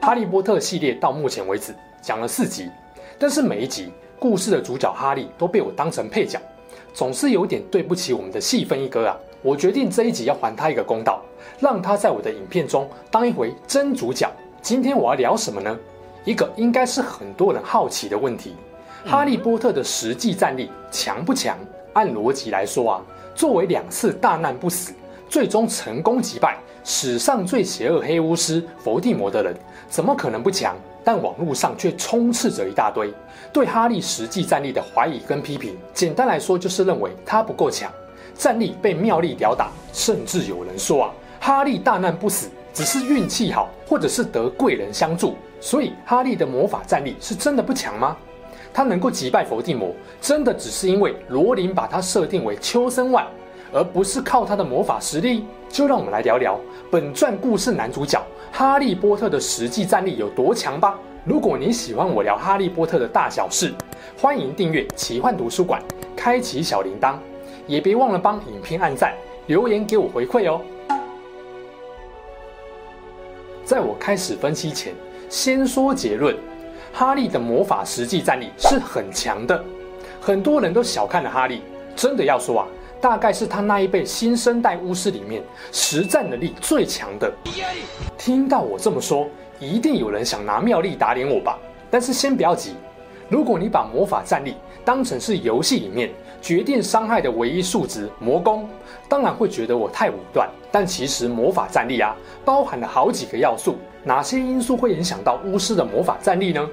《哈利波特》系列到目前為止講了四集，但是每一集故事的主角哈利都被我當成配角，總是有點對不起我們的戲份一哥啊！我決定這一集要還他一個公道，讓他在我的影片中當一回真主角。今天我要聊什麼呢？一個應該是很多人好奇的問題：嗯、哈利波特的實際戰力強不強？按邏輯來說啊，作為兩次大難不死，最終成功擊敗史上最邪惡黑巫師佛地魔的人。怎麼可能不強？但網絡上卻充斥着一大堆，對哈利實際戰力的懷疑跟批評。簡單來說，就是認為他不夠強，戰力被妙麗屌打，甚至有人說啊，哈利大難不死只是運氣好，或者是得貴人相助。所以哈利的魔法戰力是真的不強嗎？他能夠擊敗佛地魔，真的只是因為羅琳把他設定為秋生外，而不是靠他的魔法實力。就讓我們來聊聊本傳故事男主角。哈利波特的實際戰力有多強吧？如果你喜歡我聊哈利波特的大小事，歡迎訂閱奇幻圖書館，開啟小鈴鐺，也別忘了幫影片按讚、留言給我回饋哦。在我開始分析前，先說結論：哈利的魔法實際戰力是很強的，很多人都小看了哈利，真的要說啊。大概是他那一輩新生代巫師裡面實戰能力最強的。聽到我這麼說，一定有人想拿妙麗打臉我吧？但是先不要急。如果你把魔法戰力當成是遊戲裡面決定傷害的唯一數值、魔攻，當然會覺得我太武斷。但其實魔法戰力啊，包含了好幾個要素。哪些因素會影響到巫師的魔法戰力呢？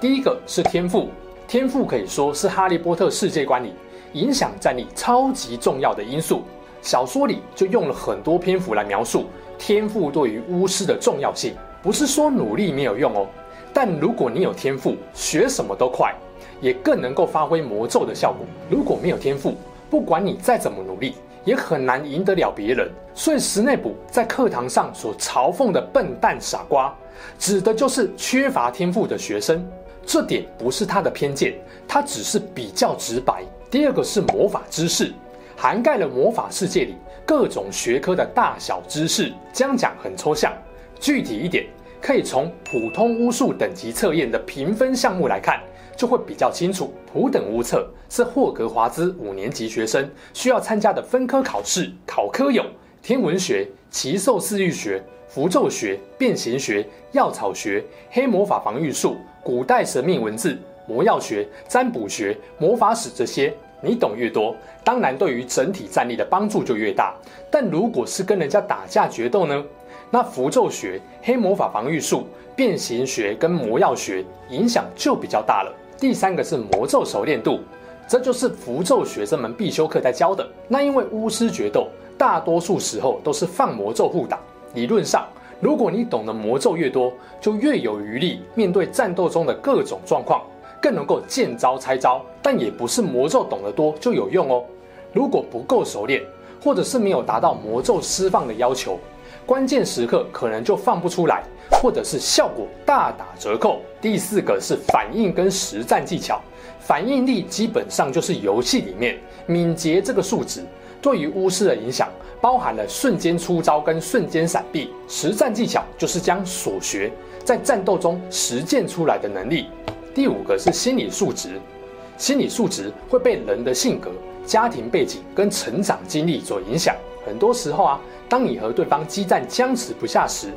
第一個是天賦，天賦可以說是哈利波特世界觀裡，影響戰力超級重要的因素，小說裡就用了很多篇幅來描述天賦對於巫師的重要性。不是說努力沒有用哦，但如果你有天賦，學什麼都快，也更能夠發揮魔咒的效果。如果沒有天賦，不管你再怎麼努力，也很難贏得了別人。所以，石內卜在課堂上所嘲諷的笨蛋、傻瓜，指的就是缺乏天賦的學生。這點不是他的偏見，他只是比較直白。第二個是魔法知識，涵蓋了魔法世界裡各種學科的大小知識。這樣講很抽象，具體一點，可以從普通巫術等級測驗的評分項目來看，就會比較清楚。普等巫測是霍格華茲五年級學生需要參加的分科考試，考科有天文學、奇獸飼育學、符咒學、變形學、藥草學、黑魔法防禦術、古代神秘文字、魔藥學、占卜學、魔法史這些，你懂越多，當然對於整體戰力的幫助就越大。但如果是跟人家打架決鬥呢？那符咒學、黑魔法防禦術、變形學跟魔藥學影響就比較大了。第三個是魔咒熟練度，這就是符咒學這門必修課在教的。那因為巫師決鬥大多數時候都是放魔咒互打，理論上如果你懂得魔咒越多，就越有餘力面對戰鬥中的各種狀況。更能夠見招拆招，但也不是魔咒懂得多就有用哦。如果不夠熟練，或者是沒有達到魔咒釋放的要求，關鍵時刻可能就放不出來，或者是效果大打折扣。第四個是反應跟實戰技巧，反應力基本上就是遊戲裡面敏捷這個數值對於巫師的影響，包含了瞬間出招跟瞬間閃避。實戰技巧就是將所學在戰鬥中實踐出來的能力。第五個是心理素質，心理素質會被人的性格、家庭背景跟成長經歷所影響。很多時候啊，當你和對方激戰僵持不下時，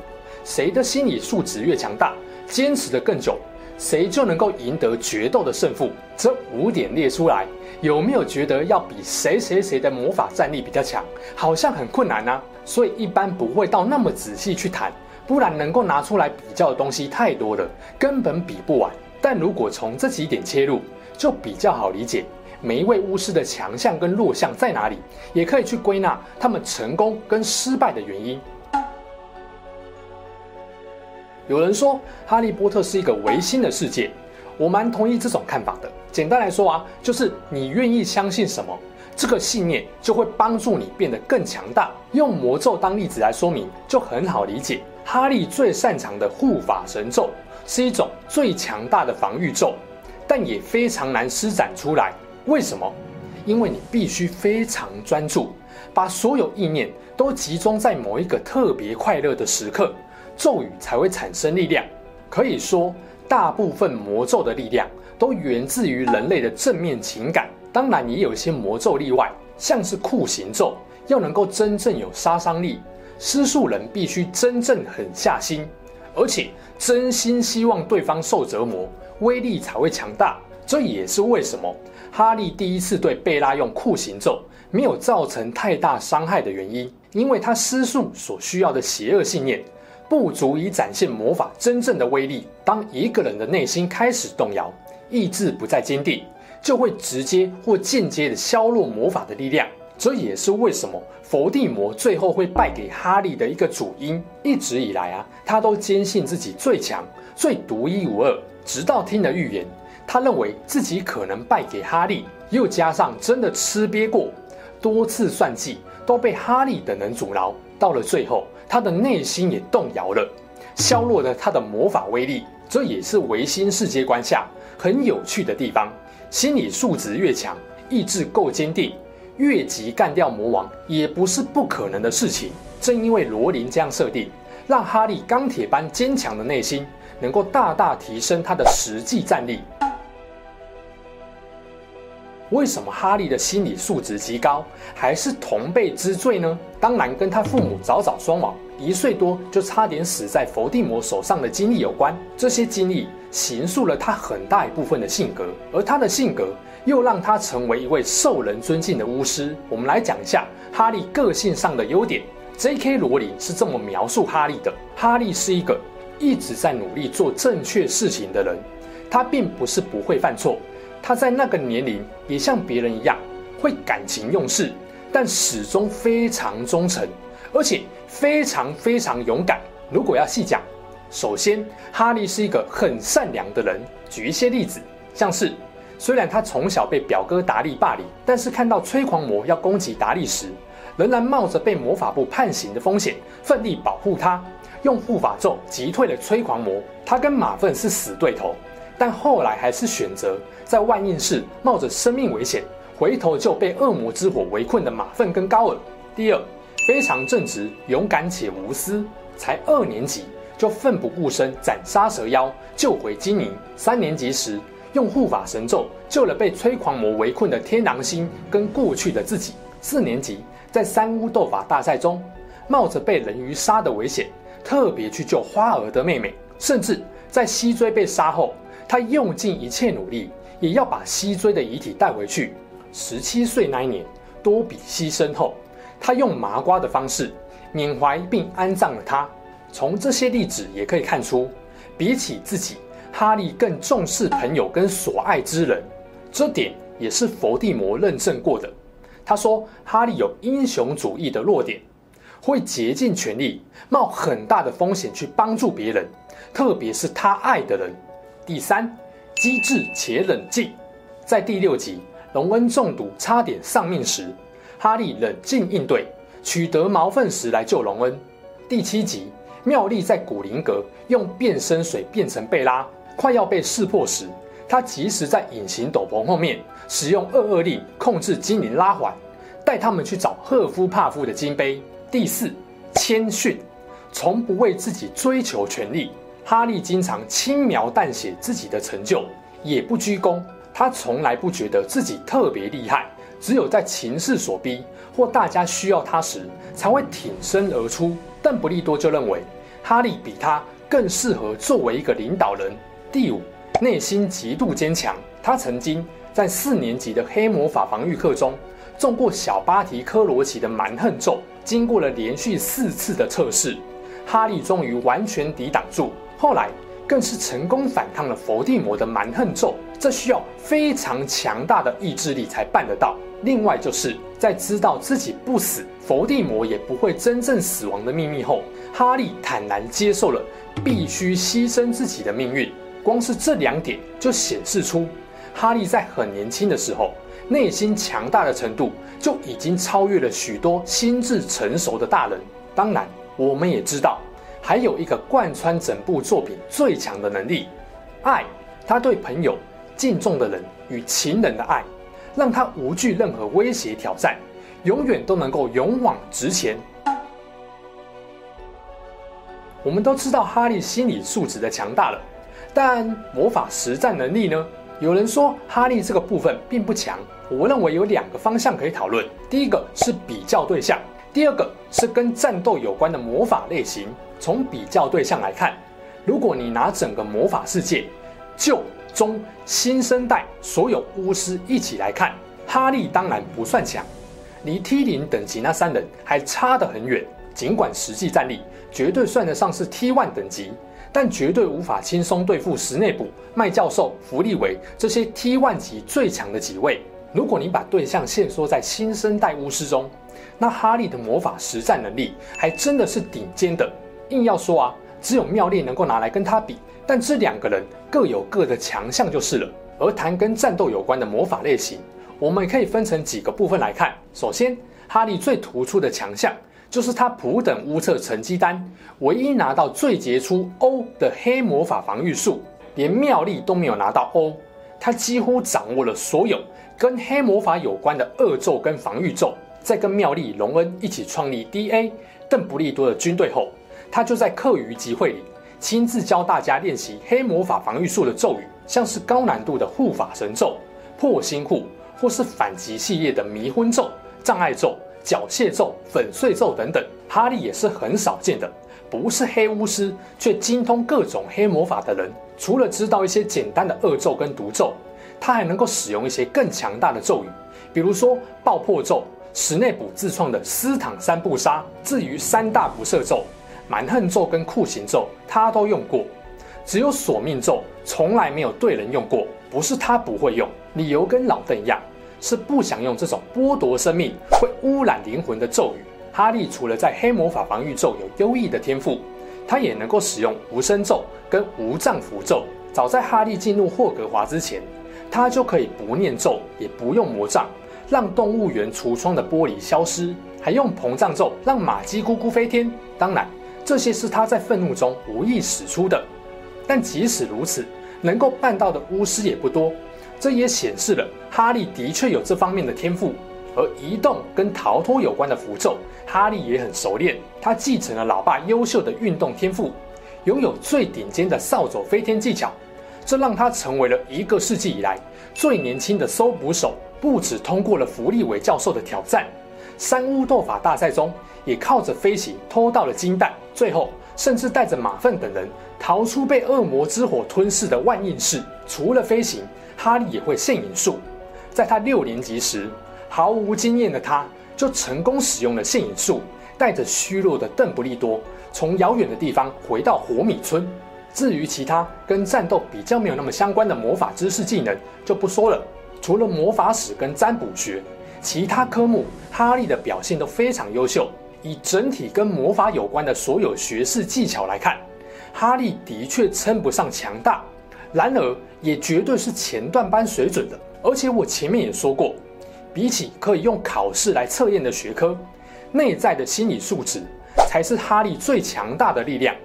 誰的心理素質越強大，堅持得更久，誰就能夠贏得決鬥的勝負。這五點列出來，有沒有覺得要比誰誰誰的魔法戰力比較強？好像很困難呢、啊。所以一般不會到那麼仔細去談，不然能夠拿出來比較的東西太多了，根本比不完。但如果從這幾點切入，就比較好理解每一位巫師的強項跟弱項在哪裡，也可以去歸納他們成功跟失敗的原因。有人說《哈利波特》是一個唯心的世界，我蠻同意這種看法的。簡單來說啊，就是你願意相信什麼，這個信念就會幫助你變得更強大。用魔咒當例子來說明，就很好理解。哈利最擅長的護法神咒。是一種最強大的防禦咒，但也非常難施展出來。為什麼？因為你必須非常專注，把所有意念都集中在某一個特別快樂的時刻，咒語才會產生力量。可以說，大部分魔咒的力量都源自於人類的正面情感。當然，也有一些魔咒例外，像是酷刑咒，要能夠真正有殺傷力，施術人必須真正狠下心。而且真心希望對方受折磨，威力才會強大。這也是為什麼哈利第一次對貝拉用酷刑咒沒有造成太大傷害的原因，因為他施術所需要的邪惡信念不足以展現魔法真正的威力。當一個人的內心開始動搖，意志不再堅定，就會直接或間接地削弱魔法的力量。這也是為什麼佛地魔最後會敗給哈利的一個主因。一直以來啊，他都堅信自己最強、最獨一無二。直到聽了預言，他認為自己可能敗給哈利，又加上真的吃癟過，多次算計都被哈利等人阻撓。到了最後，他的內心也動搖了，削弱了他的魔法威力。這也是唯心世界觀下很有趣的地方。心理素質越強，意志夠堅定，越級幹掉魔王也不是不可能的事情。正因為羅琳這樣設定，讓哈利鋼鐵般堅強的內心能夠大大提升他的實際戰力。為什麼哈利的心理素質極高，還是同輩之最呢？當然跟他父母早早雙亡，一歲多就差點死在佛地魔手上的經歷有關。這些經歷形塑了他很大一部分的性格，而他的性格。又讓他成為一位受人尊敬的巫師。我們來講一下哈利個性上的優點。J.K. 羅琳是這麼描述哈利的：哈利是一個一直在努力做正確事情的人。他並不是不會犯錯，他在那個年齡也像別人一樣會感情用事，但始終非常忠誠，而且非常非常勇敢。如果要細講，首先哈利是一個很善良的人。舉一些例子，像是。雖然他從小被表哥達利霸凌，但是看到催狂魔要攻擊達利時，仍然冒着被魔法部判刑的風險，奮力保護他，用護法咒擊退了催狂魔。他跟馬份是死對頭，但後來還是選擇在萬應室冒着生命危險，回頭救被惡魔之火圍困的馬份跟高爾。第二，非常正直、勇敢且無私，才二年級就奮不顧身斬殺蛇妖，救回金妮。三年級時，用護法神咒救了被催狂魔圍困的天狼星跟過去的自己。四年級，在三巫鬥法大賽中，冒着被人魚殺的危險，特別去救花兒的妹妹。甚至在西追被殺後，他用盡一切努力，也要把西追的遺體帶回去。十七歲那一年，多比犧牲後，他用麻瓜的方式緬懷並安葬了他。從這些例子也可以看出，比起自己。哈利更重視朋友跟所愛之人，這點也是佛地魔認證過的。他說哈利有英雄主義的弱點，會竭盡全力、冒很大的風險去幫助別人，特別是他愛的人。第三，機智且冷靜。在第六集，榮恩中毒差點喪命時，哈利冷靜應對，取得毛糞石來救榮恩。第七集，妙麗在古靈閣用變身水變成貝拉，快要被識破時，他及時在隱形斗篷後面使用噩噩令控制精靈拉環，帶他們去找赫夫帕夫的金杯。第四，謙遜，從不為自己追求權力。哈利經常輕描淡寫自己的成就，也不居功。他從來不覺得自己特別厲害，只有在情勢所逼，或大家需要他時才會挺身而出。鄧布利多就認為哈利比他更適合作為一個領導人。第五，內心極度堅強。他曾經在四年級的黑魔法防禦課中中過小巴提·科羅奇的蠻橫咒，經過了連續四次的測試，哈利終於完全抵擋住。後來更是成功反抗了佛地魔的蠻橫咒，這需要非常強大的意志力才辦得到。另外就是在知道自己不死，佛地魔也不會真正死亡的祕密後，哈利坦然接受了必須犧牲自己的命運。光是這兩點就顯示出哈利在很年輕的時候內心強大的程度就已經超越了許多心智成熟的大人。當然，我們也知道還有一個貫穿整部作品最強的能力——愛。他對朋友、敬重的人與情人的愛，讓他無懼任何威脅挑戰，永遠都能夠勇往直前。我們都知道哈利心理素質的強大了。但魔法實戰能力呢？有人說哈利這個部分並不強。我認為有兩個方向可以討論：第一個是比較對象，第二個是跟戰鬥有關的魔法類型。從比較對象來看，如果你拿整個魔法世界、舊、中、新生代所有巫師一起來看，哈利當然不算強，離 T 零等級那三人還差得很遠。儘管實際戰力絕對算得上是 T 一等級。但絕對無法輕鬆對付石內卜、麥教授、福利維這些 T1 級最強的幾位。如果你把對象限縮在新生代巫師中，那哈利的魔法實戰能力還真的是頂尖的。硬要說啊，只有妙麗能夠拿來跟他比，但這兩個人各有各的強項就是了。而談跟戰鬥有關的魔法類型，我們可以分成幾個部分來看。首先，哈利最突出的強項。就是他普等巫測成績單，唯一拿到最傑出 O 的黑魔法防禦術，連妙麗都沒有拿到 O。他幾乎掌握了所有跟黑魔法有關的惡咒跟防禦咒。在跟妙麗、榮恩一起創立 D A 鄧不利多的軍隊後，他就在課餘集會裡親自教大家練習黑魔法防禦術的咒語，像是高難度的護法神咒、破心護，或是反擊系列的迷魂咒、障礙咒。繳械咒、粉碎咒等等，哈利也是很少見的，不是黑巫師卻精通各種黑魔法的人。除了知道一些簡單的惡咒跟毒咒，他還能夠使用一些更強大的咒語，比如說爆破咒、石內卜自創的撕淌三步殺。至於三大不赦咒、蠻橫咒跟酷刑咒，他都用過，只有索命咒從來沒有對人用過。不是他不會用，理由跟老鄧一樣。是不想用這種剝奪生命、會污染靈魂的咒語。哈利除了在黑魔法防禦咒有優異的天賦，他也能夠使用無聲咒跟無杖符咒。早在哈利進入霍格華茲之前，他就可以不念咒也不用魔杖，讓動物園櫥窗的玻璃消失，還用膨脹咒讓瑪姬咕咕飛天。當然，這些是他在憤怒中無意使出的。但即使如此，能夠辦到的巫師也不多。這也顯示了。哈利的確有這方面的天賦，而移動跟逃脫有關的符咒，哈利也很熟練。他繼承了老爸優秀的運動天賦，擁有最頂尖的掃帚飛天技巧，這讓他成為了一個世紀以來最年輕的搜捕手，不止通過了孚立維教授的挑戰，三巫鬥法大賽中也靠着飛行偷到了金蛋，最後甚至帶着馬份等人逃出被惡魔之火吞噬的萬應室。除了飛行，哈利也會現影術。在他六年級時，毫無經驗的他就成功使用了現影術，帶着虛弱的鄧不利多從遙遠的地方回到活米村。至於其他跟戰鬥比較沒有那麼相關的魔法知識技能，就不說了。除了魔法史跟占卜學，其他科目哈利的表現都非常優秀。以整體跟魔法有關的所有學識技巧來看，哈利的確稱不上強大，然而也絕對是前段班水準的。而且我前面也說過，比起可以用考試來測驗的學科，內在的心理素質才是哈利最強大的力量。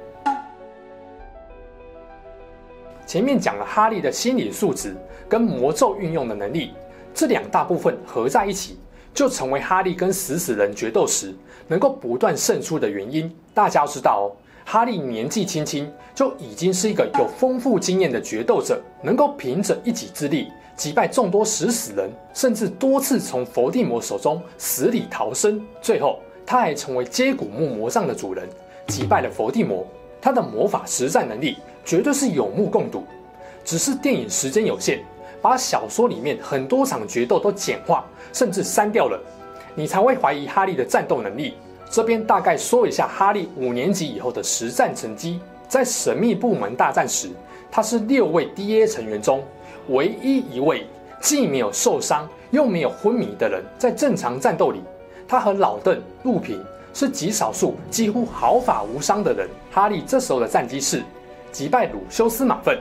前面講了哈利的心理素質跟魔咒運用的能力，這兩大部分合在一起，就成為哈利跟食死人決鬥時能夠不斷勝出的原因。大家知道哦。哈利年紀輕輕就已經是一個有豐富經驗的決鬥者，能夠憑着一己之力擊敗眾多食死人，甚至多次從佛地魔手中死裡逃生。最後，他還成為接骨木魔杖的主人，擊敗了佛地魔。他的魔法實戰能力絕對是有目共睹。只是電影時間有限，把小說裡面很多場決鬥都簡化甚至刪掉了，你才會懷疑哈利的戰鬥能力。這邊大概說一下哈利五年級以後的實戰成績。在神秘部門大戰時，他是六位 D.A 成員中唯一一位既沒有受傷又沒有昏迷的人。在正常戰鬥裡，他和老鄧、路平是極少數幾乎毫髮無傷的人。哈利這時候的戰績是：擊敗魯休斯·馬份，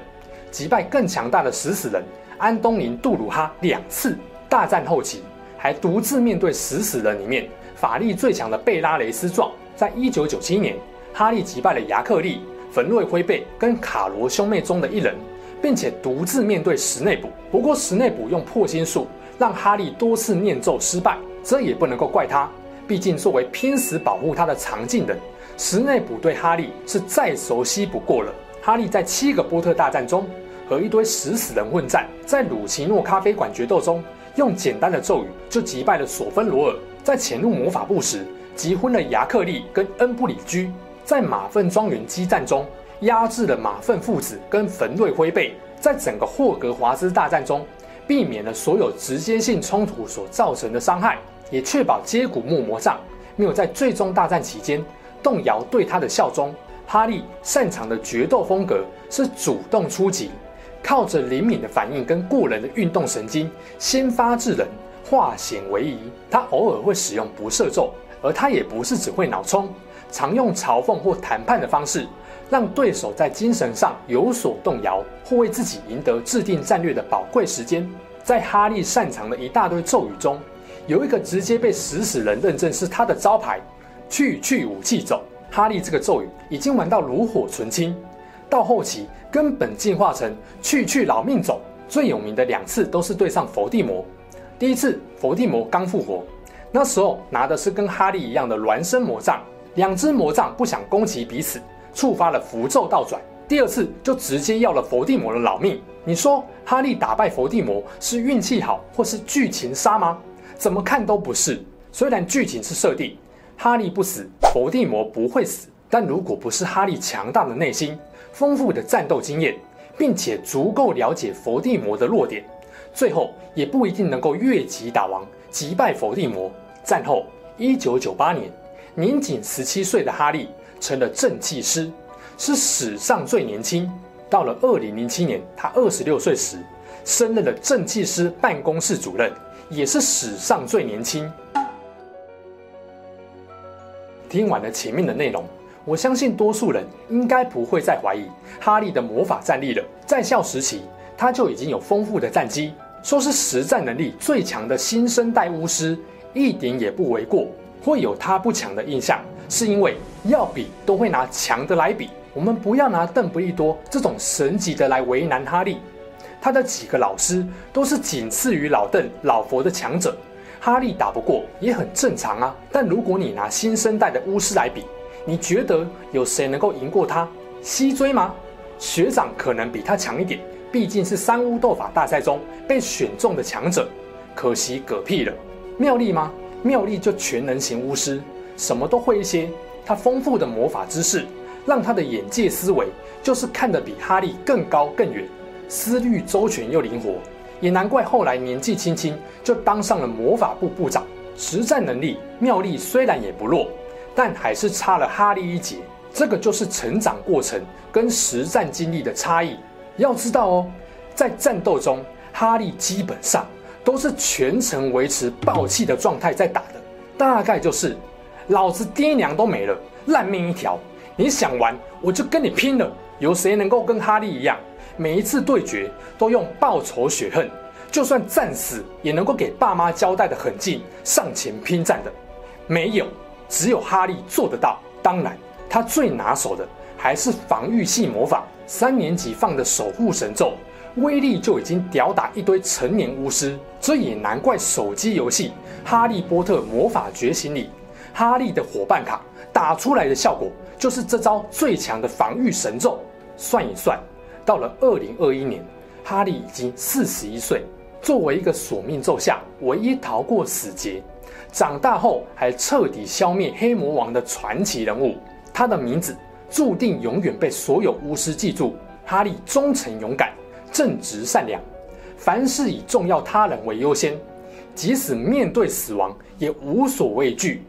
擊敗更強大的食死人安東寧·杜魯哈兩次。大戰後期還獨自面對食死人裡面法力最強的貝拉雷斯壯，在一九九七年，哈利擊敗了雅克利、焚銳灰背跟卡羅兄妹中的一人，並且獨自面對石內卜。不過，石內卜用破心術讓哈利多次念咒失敗，這也不能夠怪他。畢竟，作為拼死保護他的藏鏡人，石內卜對哈利是再熟悉不過了。哈利在七個波特大戰中和一堆食死人混戰，在魯奇諾咖啡館決鬥中，用簡單的咒語就擊敗了索芬羅爾。在潛入魔法部時，擊昏了雅克利跟恩布里居；在馬份莊園激戰中，壓制了馬份父子跟焚瑞灰背；在整個霍格華茲大戰中，避免了所有直接性衝突所造成的傷害，也確保接骨木魔杖沒有在最終大戰期間動搖對他的效忠。哈利擅長的決鬥風格是主動出擊，靠着靈敏的反應跟過人的運動神經，先發制人。化險為夷。他偶爾會使用不赦咒，而他也不是只會腦衝，常用嘲諷或談判的方式，讓對手在精神上有所動搖，或為自己贏得制定戰略的寶貴時間。在哈利擅長的一大堆咒語中，有一個直接被食死人認證是他的招牌——“去去武器走”。哈利這個咒語已經玩到爐火純青，到後期根本進化成“去去老命走”。最有名的兩次都是對上佛地魔。第一次，佛地魔剛復活，那時候拿的是跟哈利一樣的孿生魔杖，兩隻魔杖不想攻擊彼此，觸發了符咒倒轉。第二次就直接要了佛地魔的老命。你說哈利打敗佛地魔是運氣好，或是劇情殺嗎？怎麼看都不是。雖然劇情是設定哈利不死，佛地魔不會死，但如果不是哈利強大的內心、豐富的戰鬥經驗，並且足夠了解佛地魔的弱點，最後也不一定能夠越級打王，擊敗佛地魔。戰後，一九九八年，年僅十七歲的哈利成了正氣師，是史上最年輕。到了二零零七年，他二十六歲時，升任了正氣師辦公室主任，也是史上最年輕。聽完了前面的內容，我相信多數人應該不會再懷疑哈利的魔法戰力了。在校時期，他就已經有豐富的戰績說是實戰能力最強的新生代巫師，一點也不為過。會有他不強的印象，是因為要比都會拿強的來比。我們不要拿鄧不利多這種神級的來為難哈利。他的幾個老師都是僅次於老鄧、老佛的強者，哈利打不過也很正常啊。但如果你拿新生代的巫師來比，你覺得有誰能夠贏過他？西追嗎？學長可能比他強一點。畢竟是三巫鬥法大賽中被選中的強者，可惜嗝屁了。妙麗嗎？妙麗就全能型巫師，什麼都會一些。她豐富的魔法知識，讓她的眼界思維就是看得比哈利更高更遠，思慮周全又靈活，也難怪後來年紀輕輕就當上了魔法部部長。實戰能力，妙麗雖然也不弱，但還是差了哈利一截。這個就是成長過程跟實戰經歷的差異。要知道哦，在戰鬥中，哈利基本上都是全程維持暴氣的狀態在打的，大概就是老子爹娘都沒了，爛命一條，你想玩我就跟你拼了！有誰能夠跟哈利一樣，每一次對決都用報仇雪恨，就算戰死也能夠給爸媽交代的狠勁，上前拼戰的？沒有，只有哈利做得到。當然，他最拿手的還是防禦系魔法。三年級放的守護神咒，威力就已經屌打一堆成年巫師，這也難怪手機遊戲《哈利波特魔法覺醒》裡，哈利的夥伴卡打出來的效果就是這招最強的防禦神咒。算一算，到了二零二一年，哈利已經四十一歲，作為一個索命咒下唯一逃過死劫，長大後還徹底消滅黑魔王的傳奇人物，他的名字，注定永遠被所有巫師記住。哈利忠誠、勇敢、正直、善良，凡事以重要他人為優先，即使面對死亡也無所畏懼。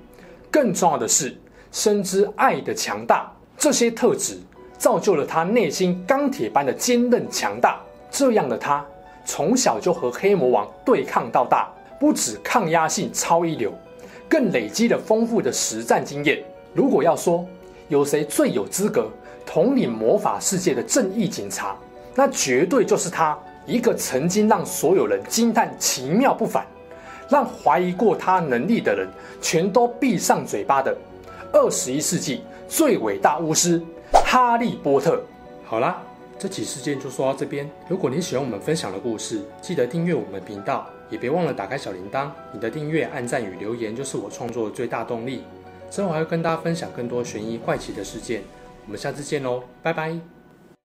更重要的是，深知愛的強大。這些特質造就了他內心鋼鐵般的堅韌強大。這樣的他，從小就和黑魔王對抗到大，不止抗壓性超一流，更累積了豐富的實戰經驗。如果要說，有誰最有資格統領魔法世界的正義警察？那絕對就是他，一個曾經讓所有人驚嘆奇妙不凡，讓懷疑過他能力的人全都閉上嘴巴的二十一世紀最偉大巫師——哈利波特。好啦，這起事件就說到這邊。如果你喜歡我們分享的故事，記得訂閱我們頻道，也別忘了打開小鈴鐺。你的訂閱、按讚與留言就是我創作的最大動力。之後還會跟大家分享更多懸疑怪奇的事件，我們下次見嘍，拜拜。